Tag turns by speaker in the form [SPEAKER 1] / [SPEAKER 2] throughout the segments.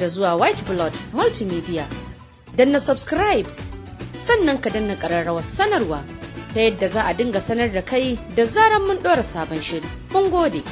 [SPEAKER 1] da zuwa white blood multimedia na subscribe sannan ka danna ƙararrawar sanarwa ta yadda za a dinga sanar da kai da zaran mun dora sabon shiri mun gode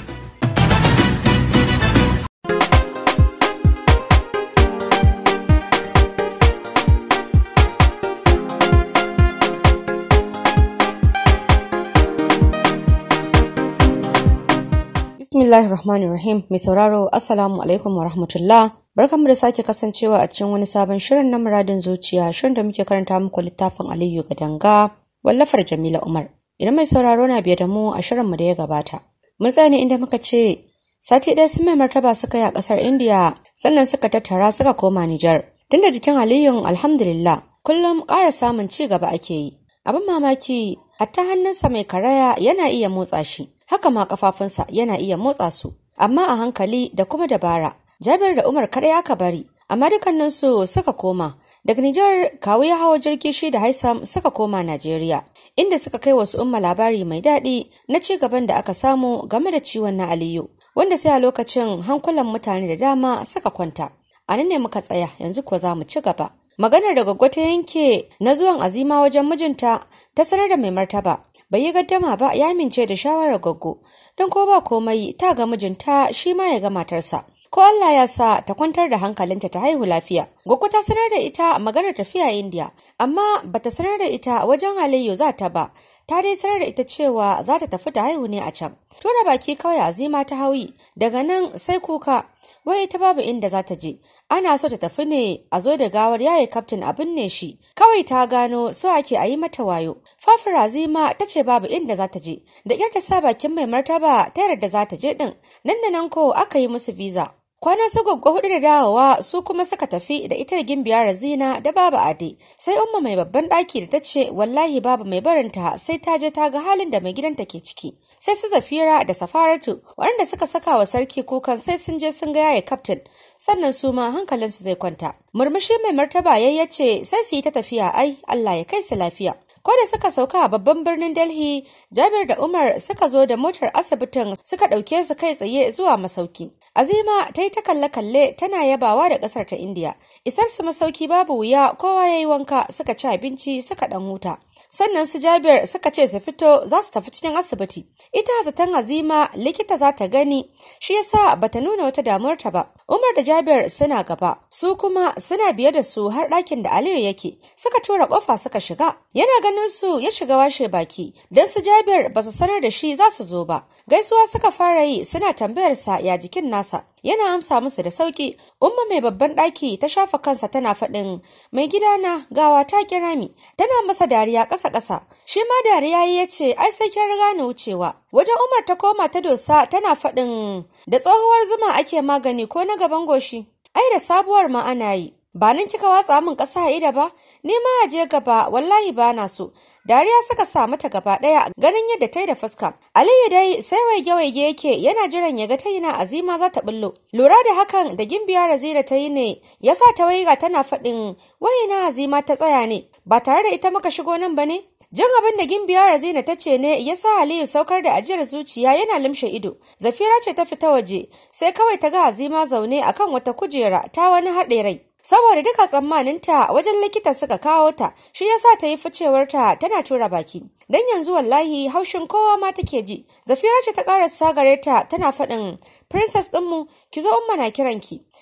[SPEAKER 1] Bismillahir Rahmanir Rahim, mai sauraro, Assalamu alaikum wa rahmatullah. Barkanmu da sake kasancewa a cikin wani sabon shirin na muradin zuciya shirin da muke karanta muku littafin Aliyu ga danga, wallafar Jamila Umar. Idan mai sauraro na biye da mu a shirin mu da ya gabata. Mun tsaya inda muka ce sati ɗaya sun mai martaba suka yi a ƙasar Indiya sannan suka tattara suka koma Nijar. Tunda jikin Aliyun alhamdulillah kullum ƙara samun ci gaba ake yi. Abin mamaki hatta hannunsa mai karaya yana iya motsa shi haka ma kafafunsa, yana iya motsa su amma a hankali da kuma dabara Jabir da Umar kaɗai aka bari, amma su suka koma. Daga Nijar, kawu ya hawa jirgi shi da Haisam suka koma Najeriya, inda suka kai wasu umma labari mai daɗi na ci gaban da aka samu game da ciwon na Aliyu, wanda sai a lokacin hankulan mutane da dama suka kwanta. A nan ne muka tsaya, yanzu kuwa za mu ci gaba. Maganar da gwaggwa ta yanke na zuwan azima wajen mijinta ta sanar da mai martaba, bai yi gaddama ba ya amince da shawarar goggo don ko ba komai ta ga mijinta shi ma ya ga matarsa ko Allah ya sa ta kwantar da hankalinta ta haihu lafiya. Goggo ta sanar da ita maganar tafiya India, amma bata sanar da ita wajen Aliyu za ta ba. Ta dai sanar da ita cewa za ta tafi ta haihu ne a can. Tura baki kawai a zima ta hauyi, daga nan sai kuka. Wai ita babu inda za ta je, ana so ta tafi ne a zo da gawar yaye kaftin a binne shi kawai ta gano so ake a yi mata wayo fafira zima ta ce babu inda za ta je da kyar ta sa bakin mai martaba ta yarda za ta je ɗin nan da nan ko aka yi musu visa Kwanan su gugu hudu da dawowa su kuma suka tafi da ita da gimbiya Razina da babu Ade. Sai umma mai babban ɗaki da ta ce wallahi babu mai barinta sai ta je ta ga halin da mai gidanta ke ciki. Sai su Zafira da Safaratu waɗanda suka saka wa sarki kukan sai sun je sun ga yaye kaftin sannan su ma hankalinsu zai kwanta. Murmushi mai martaba ya ce sai su yi ta tafiya ai Allah ya kai su lafiya. Ko da suka sauka a babban birnin Delhi, Jabir da Umar suka zo da motar asibitin suka ɗauke su kai tsaye zuwa masauki. Azima ta yi ta kalle-kalle tana yabawa da ƙasar ta Indiya. Isar su masauki babu wuya kowa ya yi wanka suka ci abinci suka ɗan huta. Sannan su Jabir suka ce su fito za su tafi cikin asibiti. Ita zaton Azima likita za ta gani shi yasa ta nuna wata ta ba. Umar da Jabir suna gaba su kuma suna biye da su har ɗakin da Aliyu yake. Suka tura ƙofa suka shiga. Yana ganin su ya shiga washe baki don su Jabir ba su sanar da shi za su zo ba. Gaisuwa suka fara yi suna tambayar sa ya jikin na nasa yana amsa musu da sauki umma mai babban ɗaki ta shafa kansa tana faɗin mai gidana gawa ta kira mi tana masa dariya ƙasa ƙasa shi ma dariya ya ce ai sai kin riga ni wucewa wajen umar ta koma ta dosa tana faɗin da tsohuwar zuma ake magani ko na gaban goshi ai da sabuwar ma ana yi ba nan kika watsa min ƙasa ida ba ni ma je gaba wallahi ba na so dariya suka sa mata gaba ɗaya ganin yadda ta yi da fuska aliyu dai sai waige waige yake yana jiran ya ga ta azima za ta bullo lura da hakan da gimbiya razira ta yi ne ya sa ta waiga tana faɗin waina azima ta tsaya ne ba tare da ita muka shigo nan ba ne Jan abin da Gimbiya Razina ta ce ne ya sa Aliyu saukar da ajiyar zuciya yana limshe ido. Zafira ce ta fita waje, sai kawai ta ga Azima zaune akan wata kujera ta wani haɗe rai. saboda duka tsammaninta wajen likita suka kawo ta shi yasa ta yi ficewarta tana tura baki dan yanzu wallahi haushin kowa ma take ji zafira ce ta ƙara sagare ta tana faɗin princess ɗinmu ki zo umma na kiran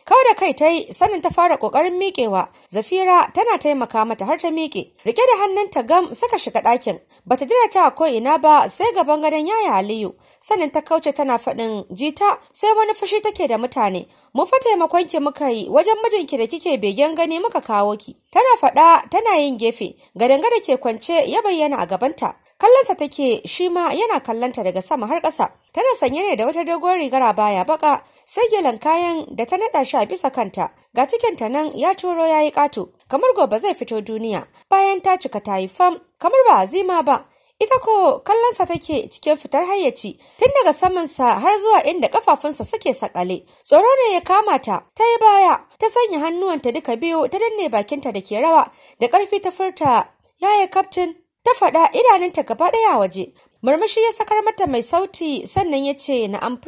[SPEAKER 1] kawai da kai tayi sanin ta fara ƙoƙarin miƙewa zafira tana taimaka mata har ta miƙe rike da hannunta gam suka shiga ɗakin bata jira ta ko ina ba sai gaban gadon yaya aliyu sanin ta kauce tana faɗin jita sai wani fushi take da mutane mu fa taimakon ki muka yi wajen mijinki da kike begen gani muka kawo ki tana faɗa tana yin gefe gadanga gada ke kwance ya bayyana a gabanta kallonsa take shi ma yana kallonta daga sama har ƙasa tana sanye ne da wata doguwar rigar a baya baka sai gelan kayan da ta naɗa shi a bisa kanta ga cikinta nan ya turo ya yi ƙato kamar gobe zai fito duniya bayan ta cika ta yi fam kamar ba azima ba ita ko kallonsa take cikin fitar hayyaci tun daga saman sa har zuwa inda kafafunsa suke sakale tsoro ne ya kama ta ta yi baya ta sanya hannuwanta duka biyu ta danne bakinta da ke rawa da ƙarfi ta furta yaya kaftin Ta faɗa idanunta gaba ɗaya waje. Murmushi ya sakar mata mai sauti sannan ya ce na am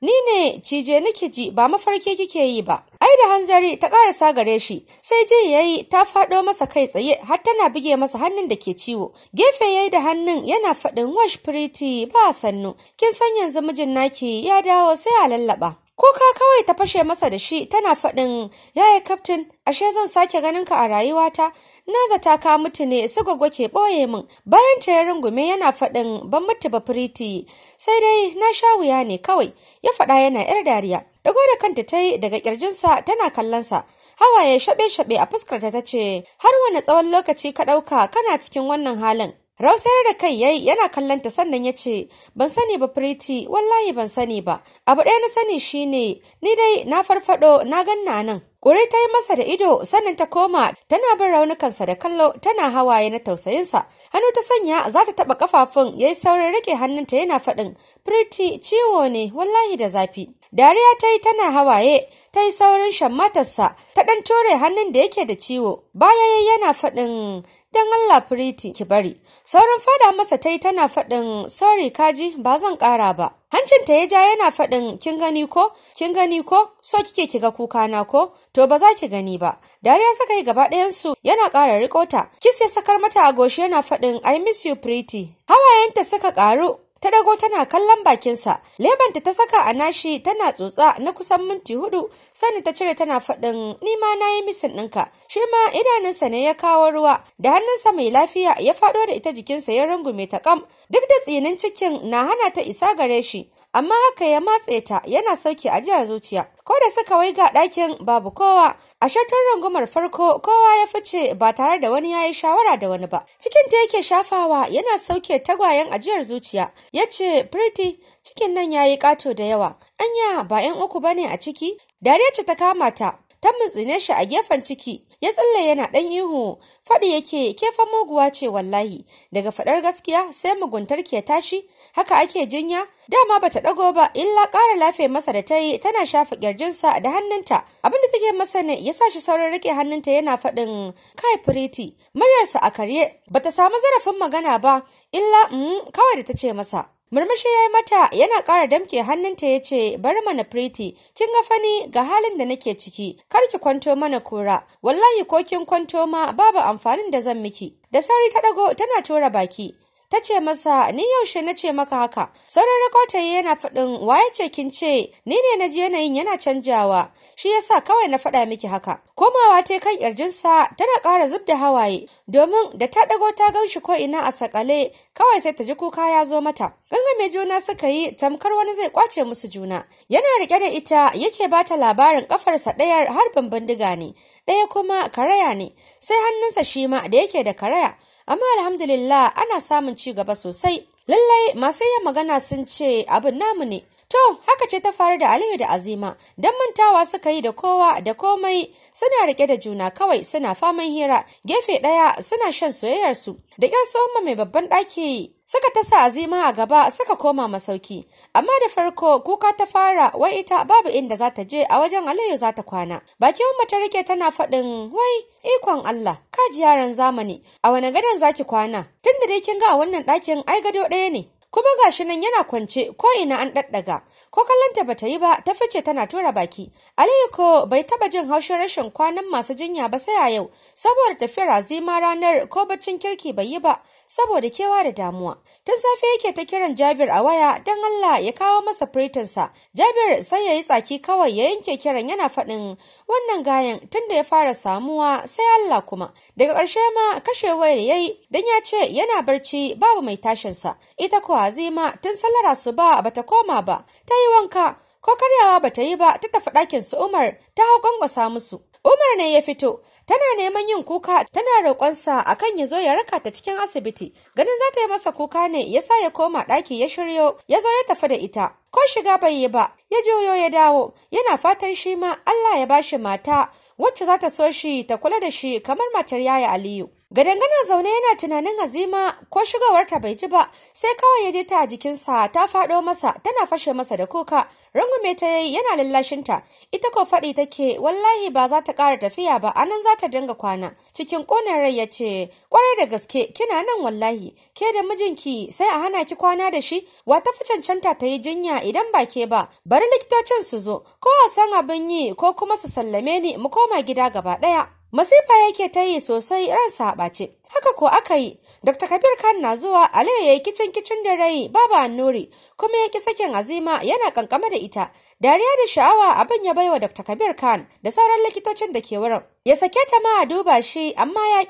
[SPEAKER 1] ni ne cije nake ji ba mafarki kike yi ba. Ai da hanzari ta ƙarasa gare shi sai ji yayi ta faɗo masa kai tsaye har tana buge masa hannun da ke ciwo. Gefe yayi da hannun yana faɗin wash pretty ba sannu kin san yanzu mijin naki ya dawo sai a lallaba. Kuka kawai ta fashe masa da shi tana faɗin yaya kaftin ashe zan sake ganin ka a rayuwata na zata ka mutu ne su ke ɓoye min bayan ta ya rungume yana faɗin ban mutu ba firiti sai dai na sha wuya ne kawai ya faɗa yana yar dariya ɗago da kanta ta yi daga ƙirjinsa tana kallonsa hawaye shaɓe-shaɓe a fuskarta ta ce har wani tsawon lokaci ka ɗauka kana cikin wannan halin Rausayar da kai yayi yana kallon ta sannan ya ce, Ban sani ba firiti. wallahi ban sani ba. Abu ɗaya na sani shine, ni dai na farfaɗo, na ganna nan. Ƙuri ta yi masa da ido sannan ta koma tana bin raunukansa da kallo tana hawaye na tausayinsa. Hannu ta sanya za ta taɓa ƙafafun ya yi saurin rike hannunta yana faɗin, "Firiti" ciwo ne wallahi da zafi. Dariya ta yi tana hawaye ta yi saurin matarsa ta ɗan ture hannun da yake da ciwo. Baya yana faɗin Idan Allah firiti ki bari saurin fada masa ta yi tana faɗin sorry kaji ba zan ƙara ba hancinta ya ja yana faɗin kin gani ko kin gani ko so kike kiga kuka na ko to ba za ki gani ba dariya saka yi gaba su yana ƙara riƙota kis ya sakar mata a goshi yana faɗin i miss you pretty hawayenta suka ƙaru ta dago tana kallon bakinsa lebanta ta saka a nashi tana tsotsa na kusan minti hudu sani ta cire tana faɗin nima na yi misin ɗinka shi ma idanunsa ne ya kawo ruwa da hannunsa mai lafiya ya faɗo da ita jikinsa ya rungume ta kam duk da tsinin cikin na hana ta isa gare shi amma haka ya matse ta yana sauke ajiyar zuciya ko da suka ga ɗakin babu kowa a shatar rungumar farko kowa ya fice ba tare da wani ya yi shawara da wani ba cikin ta yake shafawa yana sauke tagwayen ajiyar zuciya ya ce pretty cikin nan ya yi ƙato da yawa anya ba 'yan uku ba ne a ciki dariya ta kama ta ta mutsine shi a gefen ciki ya tsalle yana ɗan ihu faɗi yake kefa muguwa ce wallahi daga faɗar gaskiya sai muguntar ke tashi haka ake jinya dama bata ɗago ba illa ƙara lafe masa da ta yi tana shafa ƙirjinsa da hannunta abin da take masa ne ya sa shi saurin rike hannunta yana faɗin kai firiti muryarsa a karye bata samu zarafin magana ba illa mm, kawai da ta ce masa Murmushi ya yi mata yana ƙara damke hannunta ya ce, Bari mana Priti, kin ga fani ga halin da nake ciki, kar ki kwanto mana kura. wallahi ko kin kwanto ma babu amfanin da zan miki. Da sauri ta ɗago tana tura baki, ta ce masa ni yaushe na ce maka haka sauran rakota yana faɗin waye ce kin ce ni ne na ji yanayin yana canjawa shi yasa kawai na faɗa miki haka komawa ta kan ƙirjinsa tana ƙara zub da hawaye domin da ta ɗago ta gan shi ko ina a sakale kawai sai ta ji kuka ya zo mata gangame juna suka yi tamkar wani zai kwace musu juna yana rike da ita yake ba ta labarin ƙafarsa ɗayar harbin bindiga ne ɗaya kuma karaya ne sai hannunsa shima da yake da karaya amma alhamdulillah ana samun ci gaba sosai lallai masu yin magana sun ce abin namu ne To, haka ce ta faru da Aliyu da Azima, don mantawa suka yi da kowa da komai suna rike da juna kawai suna faman hira, gefe ɗaya suna shan soyayyarsu, da ƙyar soma mai babban ɗaki suka ta sa azima a gaba suka koma masauki amma da farko kuka ta fara wai ita babu inda za ta je a wajen aliyu za ta kwana bakin umma ta rike tana faɗin wai ikon allah ka ji yaran zamani a wani gadon za ki kwana tunda dai kin ga a wannan ɗakin ai gado ɗaya ne kuma gashi nan yana kwance ko ina an ɗaɗɗaga ko kallonta bata yi ba ta fice tana tura baki aliyu ko bai taba jin haushin rashin kwanan masu jinya ba sai a yau saboda tafiyar azima ranar ko baccin kirki bai yi ba saboda kewa da damuwa tun safe yake ta kiran jabir a waya don allah ya kawo masa sa jabir sai ya yi tsaki kawai ya yanke kiran yana faɗin wannan gayan tunda ya fara samuwa sai allah kuma daga ƙarshe ma kashe wayar yayi Dan ya ce yana barci babu mai tashinsa ita ko azima tun sallara salar ba bata koma ba yi wanka ko karyawa ba ta yi ba ta tafi ɗakin su Umar ta hau gwangwasa musu. Umar ne ya fito tana neman yin kuka tana roƙonsa a kan ya zo ya raka ta cikin asibiti ganin za ta yi masa kuka ne ya sa ya koma ɗaki ya shiryo ya zo ya tafi da ita ko shiga bai yi ba ya juyo ya dawo yana fatan shi ma Allah ya bashi mata wacce za ta so shi ta kula da shi kamar matar yaya Aliyu. Gadangana zaune yana tunanin hazima ko shigowarta bai ji ba, sai kawai ya je ta jikinsa ta faɗo masa tana fashe masa da kuka. Rangume ta yayi yana lallashinta, ita ko faɗi take wallahi ba za ta ƙara tafiya ba, anan za ta dinga kwana. Cikin ƙonin rai ya ce, ƙwarai da gaske kina nan wallahi, ke da mijinki sai a hana ki kwana da shi, wa ta fi cancanta ta yi jinya idan ba ke ba, bari likitocin su zo, ko a san abin yi ko kuma su sallame ni mu koma gida gaba ɗaya. Masifa yake ta yi sosai ransa saɓace haka ko aka yi, Dr. Kabir Khan na zuwa Aliyu ya yi kicin kicin da rai Baba Nuri kuma ya ki sakin Azima yana kankama da ita Dariya da sha'awa abin ya baiwa Dr. Kabir Khan da sauran likitocin da ke wurin. Ya sake ta ma a duba shi amma ya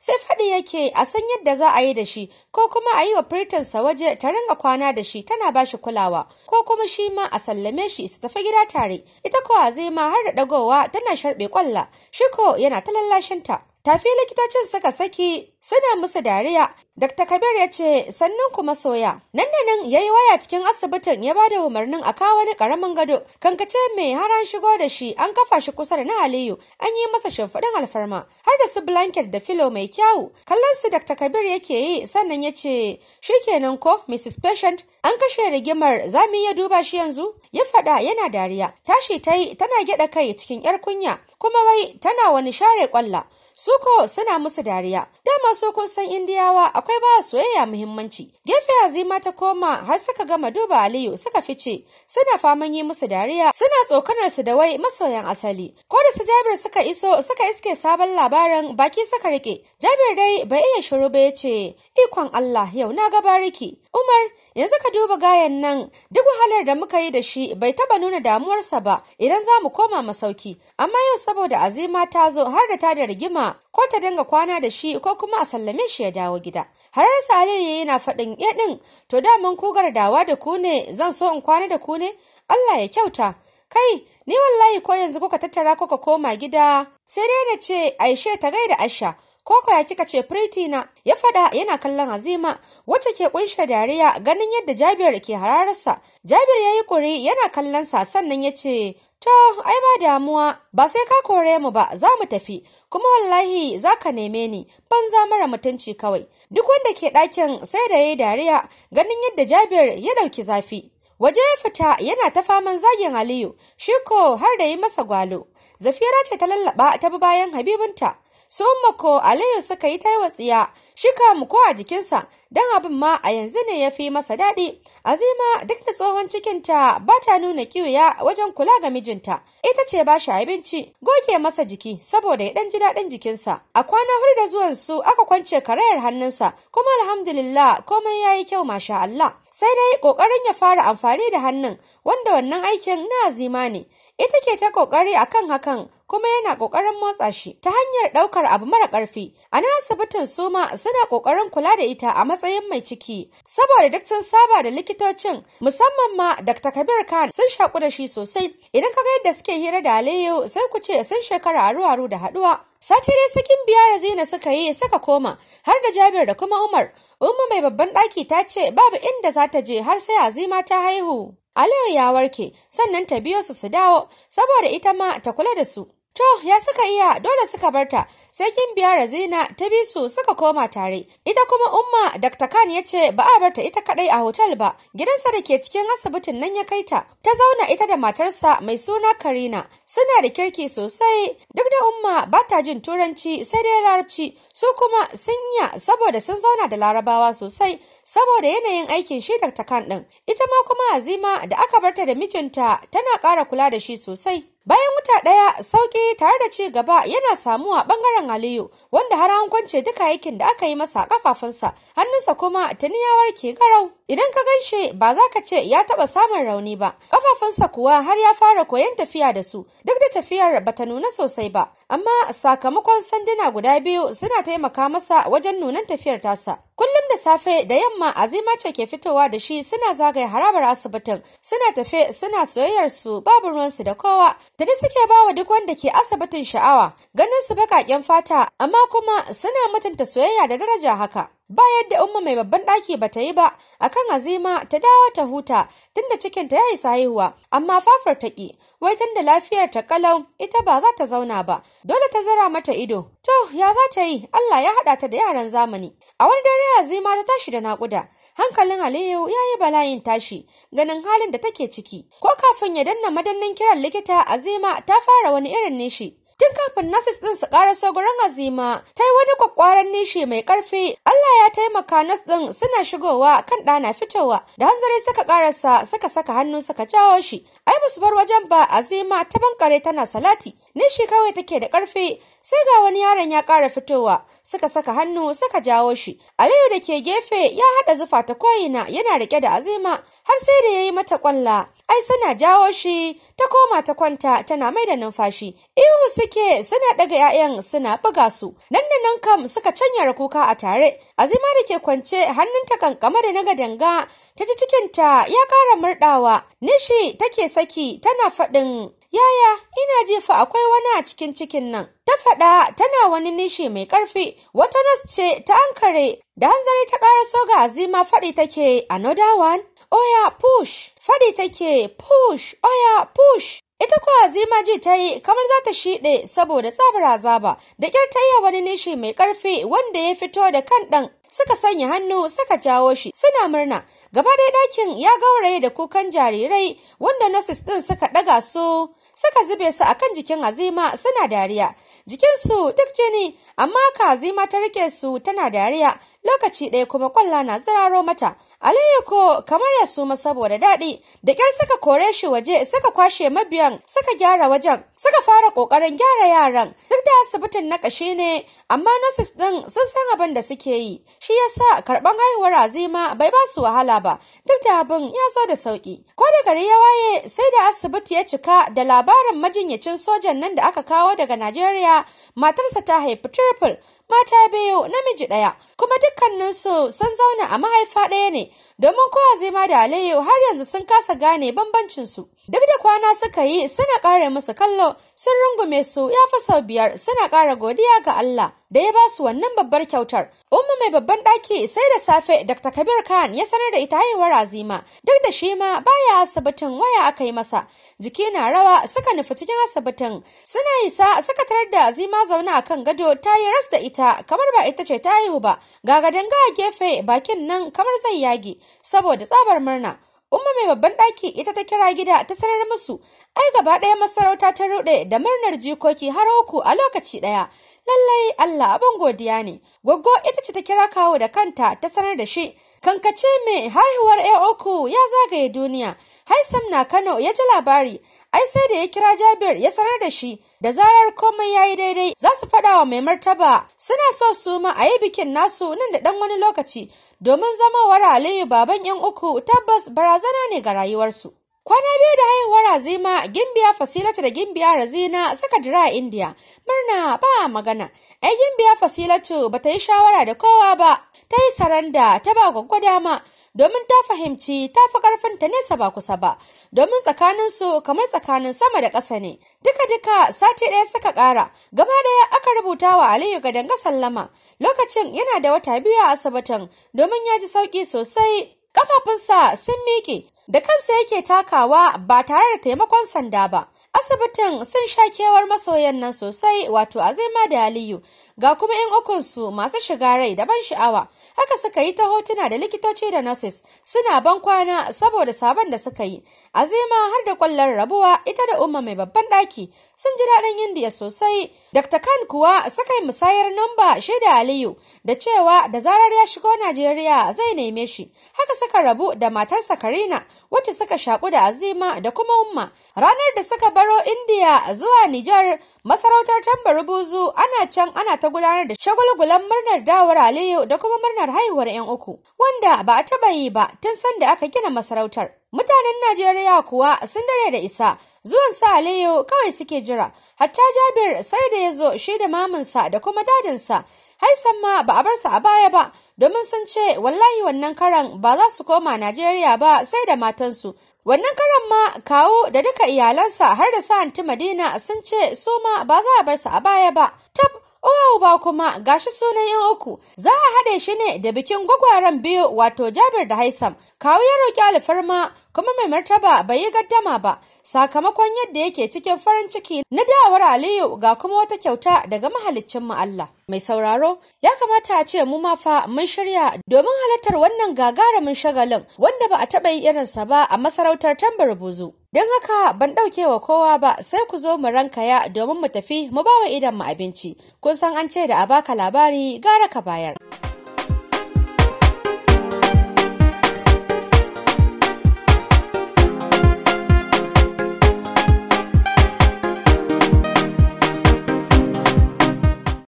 [SPEAKER 1] sai faɗi yake a san yadda za a yi da shi ko kuma a yi wa sa waje ta ringa kwana da shi tana ba shi kulawa ko kuma shi ma a sallame shi su tafi gida tare ita zai ma har da ɗagowa tana sharɓe ƙwalla. Shiko yana ta lallashinta tafi likitocin suka saki suna musu dariya dr kabir ya ce sannan kuma soya nan da nan ya yi waya cikin asibitin ya ba da umarnin a kawo wani karamin gado kankace mai haran shigo da shi an kafa shi kusa da na aliyu an yi masa shimfiɗin alfarma har da su blanket da filo mai kyawu kallon su dr kabir yake yi sannan ya ce shikenan ko mrs patient an kashe rigimar za mu iya duba shi yanzu ya faɗa yana dariya tashi ta yi tana gyaɗa kai cikin 'yar kunya kuma wai tana wani share kwalla Suko suna musu dariya. Dama su kun san Indiyawa akwai ba soyayya muhimmanci. Gefe Azima ta koma har suka gama duba Aliyu suka fice. Suna faman yi musu dariya, suna tsokanar su da wai masoyan asali. Ko da su Jabir suka iso suka iske sabon labarin baki suka rike. Jabir dai bai iya shiru ba ya ce, "Ikon Allah yau na ga bariki." Umar, yanzu ka duba gayan nan duk wahalar da muka yi da shi bai taba nuna damuwarsa ba idan za mu koma masauki. Amma yau saboda azima ta zo har da ta da rigima ko ta dinga kwana da shi ko kuma a sallame shi ya dawo gida. Harar yi na faɗin ya eh ɗin, to mun kugar dawa da ku ne zan so in kwana da ku ne? Allah ya kyauta. Kai, ni wallahi ko yanzu kuka tattara kuka koma gida sai dai na ce aishe ta gaida asha ko ya kika ce pretty ya fada yana kallon azima wacce ke kunshe dariya ganin yadda jabir ke hararsa jabir ya yi kuri yana kallon sa sannan ya ce To, ai ba damuwa, ba sai ka kore mu ba, za mu tafi, kuma wallahi za ka neme ni, ban za mara mutunci kawai. Duk wanda ke ɗakin sai da ya yi dariya ganin yadda Jabir ya ɗauki zafi. Waje ya fita yana ta faman zagin Aliyu, shi ko har da yi masa gwalo. Zafira ce ta lallaɓa ta bi bayan Habibinta, su ummako Aliyu suka yi taiwa tsiya shi ko a jikinsa don abin ma a yanzu ne ya fi masa daɗi. Azima duk da tsohon cikinta ba ta nuna kiwiya wajen kula ga mijinta. Ita ce ba shi abinci goge masa jiki saboda ya ɗan ji daɗin jikinsa. A kwana hudu da zuwan su aka kwance karayar hannunsa kuma alhamdulillah komai ya yi kyau masha Allah. Sai dai ƙoƙarin ya fara amfani da hannun wanda wannan aikin na azima ne. ita ke ta kokari akan hakan kuma yana kokarin motsa shi ta hanyar daukar abu mara karfi a na asibitin suma suna kokarin kula da ita a matsayin mai ciki saboda duk sun saba da likitocin musamman ma Dr. Kabir Khan sun shaku da shi sosai idan kaga yadda suke hira da Aliyu sai ku ce sun shekara aru-aru da haduwa sati dai sakin biya Razina suka yi suka koma har da Jabir da kuma Umar Umma mai babban ɗaki ta ce babu inda za ta je har sai Azima ta haihu. Aliyu ya warke sannan ta biyo su su dawo saboda ita ma ta kula da su. To, ya suka iya, dole suka barta, sai kin biya razina ta bi su suka koma tare. Ita kuma umma Dr. Khan ya ce ba a barta ita kadai a hotel ba, gidansa da ke cikin asibitin nan ya kai ta. Ta zauna ita da matarsa mai suna Karina, suna da kirki sosai, duk da umma ba ta jin turanci sai dai larabci, su kuma sun ya saboda sun zauna da larabawa sosai, saboda yanayin aikin shi Dr. Khan ɗin. Ita ma kuma Azima da aka barta da mijinta tana ƙara kula da shi sosai. Bayan wuta ɗaya sauƙi tare da ci gaba yana samuwa ɓangaren Aliyu wanda har an kwance duka aikin da aka yi masa a ƙafafunsa hannunsa kuma tuni ya warke garau. Idan ka gaishe ba za ka ce ya taba samun rauni ba, ƙafafunsa kuwa har ya fara koyon tafiya da su, duk da tafiyar ba ta nuna sosai ba, amma sakamakon sanduna guda biyu suna taimaka masa wajen nunan tafiyar tasa. Kullum da safe da yamma azima ce ke fitowa da shi suna zagaye harabar asibitin, suna tafe suna soyayyar su babu ruwansu da kowa, tuni suke bawa duk wanda ke asibitin sha'awa, ganin su baƙaƙen fata, amma kuma suna mutunta soyayya da daraja haka. ba yadda umma mai babban ɗaki ba ta yi ba akan azima ta dawo ta huta tunda cikin ta isa haihuwa amma fafar ta ki wai tunda lafiyar ta kalau ita ba za ta zauna ba dole ta zara mata ido to ya za ta yi Allah ya haɗa ta da yaran zamani a wani dare azima ta tashi da naƙuda hankalin Aliyu ya yi bala'in tashi ganin halin da take ciki ko kafin ya danna madannin kiran likita azima ta fara wani irin nishi tun kafin nasis din su ƙara gurin azima ta yi wani kwakwaran nishi mai ƙarfi Allah ya taimaka nas din suna shigowa kan ɗana fitowa da hanzari suka ƙarasa suka saka hannu suka jawo shi ai ba su bar wajen ba azima ta bankare tana salati nishi kawai take da ƙarfi sai ga wani yaron ya ƙara fitowa suka saka hannu suka jawo shi Aliyu da ke gefe ya haɗa zufa ta koyina yana riƙe da azima har sai da ya yi mata ƙwalla ai suna jawo shi ta koma ta kwanta tana mai da numfashi ihu suke suna daga 'ya'yan suna buga su nan da nan kam suka ra kuka a tare azima da ke kwance hannunta kankama da naga danga ta ji cikinta ya kara murdawa nishi take saki tana faɗin yaya ina jefa akwai wani a cikin cikin nan ta faɗa tana wani nishi mai ƙarfi wata nas ce ta ankare da hanzari ta ƙara soga azima faɗi take another one oya push fadi take push oya push Ita kuwa Azima ji ta yi kamar za ta shiɗe saboda tsabar azaba da ƙyar ta yi wani nishi mai ƙarfi wanda ya fito da kan ɗan suka sanya hannu suka jawo shi suna murna gaba ɗaya ɗakin ya gauraye da kukan jarirai wanda nurses ɗin suka ɗaga su suka zube su a kan jikin Azima suna dariya jikinsu duk jini amma ka Azima ta riƙe su tana dariya lokaci ɗaya kuma kwalla na ziraro mata aliyu ko kamar ya suma saboda daɗi da ƙyar suka kore shi waje suka kwashe mabiyan suka gyara wajen suka fara ƙoƙarin gyara yaran duk da asibitin na ƙashe ne amma nurses ɗin sun san abin da suke yi shi yasa karɓan haihuwar azima bai ba su wahala ba duk da abin ya zo da sauƙi ko da gari ya waye sai da asibiti ya cika da labarin majinyacin sojan nan da aka kawo daga Najeriya matarsa ta haifi triple mata biyu namiji ɗaya kuma dukkaninsu sun zauna a mahaifa ɗaya ne domin kowa zai ma da Aliyu har yanzu sun kasa gane bambancinsu. Duk da kwana suka yi suna ƙara musu kallo sun rungume su ya fi sau biyar suna ƙara godiya ga Allah. da ya ba su wannan babbar kyautar. Umma mai babban ɗaki sai da safe Dr. Kabir Khan ya sanar da ita haihuwar Azima duk da shi ma baya asibitin waya aka yi masa. Jiki na rawa suka nufi cikin asibitin suna isa suka tarar da zima zaune akan gado ta yi ras da ita kamar ba ita ce ta haihu ba. Ga gadanga gefe bakin nan kamar zai yage saboda tsabar murna. Umma mai babban ɗaki ita ta kira gida ta sanar musu, ai gaba ɗaya masarauta ta ruɗe da murnar jikoki har uku a lokaci ɗaya. Lallai Allah abin godiya ne. Goggo ita ce ta kira kawo da kanta ta sanar da shi. Kankace mai haihuwar ‘yan uku ya zagaye duniya. Haisam na Kano ya ji labari, ai sai da ya kira Jabir ya sanar da shi. da zarar komai ya yi daidai za su faɗa wa mai martaba suna so su ma a yi bikin nasu nan da ɗan wani lokaci domin zamawar Aliyu baban ‘yan uku tabbas barazana ne ga rayuwarsu. Kwana biyu da haihuwar Azima, Gimbiya Fasilatu da Gimbiya Razina suka dira a Indiya. Murna ba magana. Ai Gimbiya Fasilatu ba ta yi shawara da kowa ba, ta yi saranda ta ba gwaggwa dama domin ta fahimci ta fi ƙarfinta nesa ba kusa ba domin tsakanin su kamar tsakanin sama da ƙasa ne duka duka sati ɗaya suka ƙara gaba ɗaya aka rubuta wa aliyu ga danga sallama lokacin yana da wata biyu a asibitin domin ya ji sauƙi sosai ƙafafunsa sun miƙe da kansa yake takawa ba tare da taimakon sanda ba Asibitin sun sha kewar masoyan nan sosai wato Azima da Aliyu ga kuma 'yan ukunsu masu shiga rai da ban sha'awa haka suka yi ta hotuna da likitoci da nurses suna ban kwana saboda sabon da suka yi. Azima har da kwallon rabuwa ita da Umma mai babban ɗaki sun ji daɗin indiya sosai dr khan kuwa suka yi musayar namba shaida aliyu da cewa da zarar ya shigo najeriya zai neme shi haka suka rabu da matarsa karina wacce suka shaƙu da azima da kuma umma ranar da suka baro indiya zuwa nijar Masarautar Tambari Buzu ana can ana ta gudanar da shagulgulan murnar dawar Aliyu da kuma murnar haihuwar 'yan uku, wanda ba a taɓa yi ba tun sanda aka gina masarautar. Mutanen Najeriya kuwa sun dare da isa, zuwan sa Aliyu kawai suke jira, hatta Jabir sai da ya zo shi da maminsa da kuma dadinsa, Haisan ma ba a bar sa a baya ba, domin sun ce wallahi wannan karan ba za su koma Najeriya ba sai da matansu. Wannan karan ma kawo da duka iyalansa har da sa anti Madina sun ce su ma ba za a bar su a baya ba. Tab Uwa Ba kuma gashi sunan yan uku za a haɗe shi ne da bikin gwagwaran biyu wato Jabir da Haisam kawo ya roƙi alfarma kuma mai martaba bai yi gaddama ba sakamakon yadda yake cikin farin ciki na da'awar aliyu ga kuma wata kyauta daga mahaliccin mu Allah mai sauraro ya kamata a ce mu ma fa mun shirya domin halartar wannan gagarumin shagalin wanda ba a taɓa yin irinsa ba a masarautar tambar buzu don haka ban ɗauke wa kowa ba sai ku zo mu rankaya domin mu tafi mu bawa idan mu abinci kun san an ce da a baka labari gara ka bayar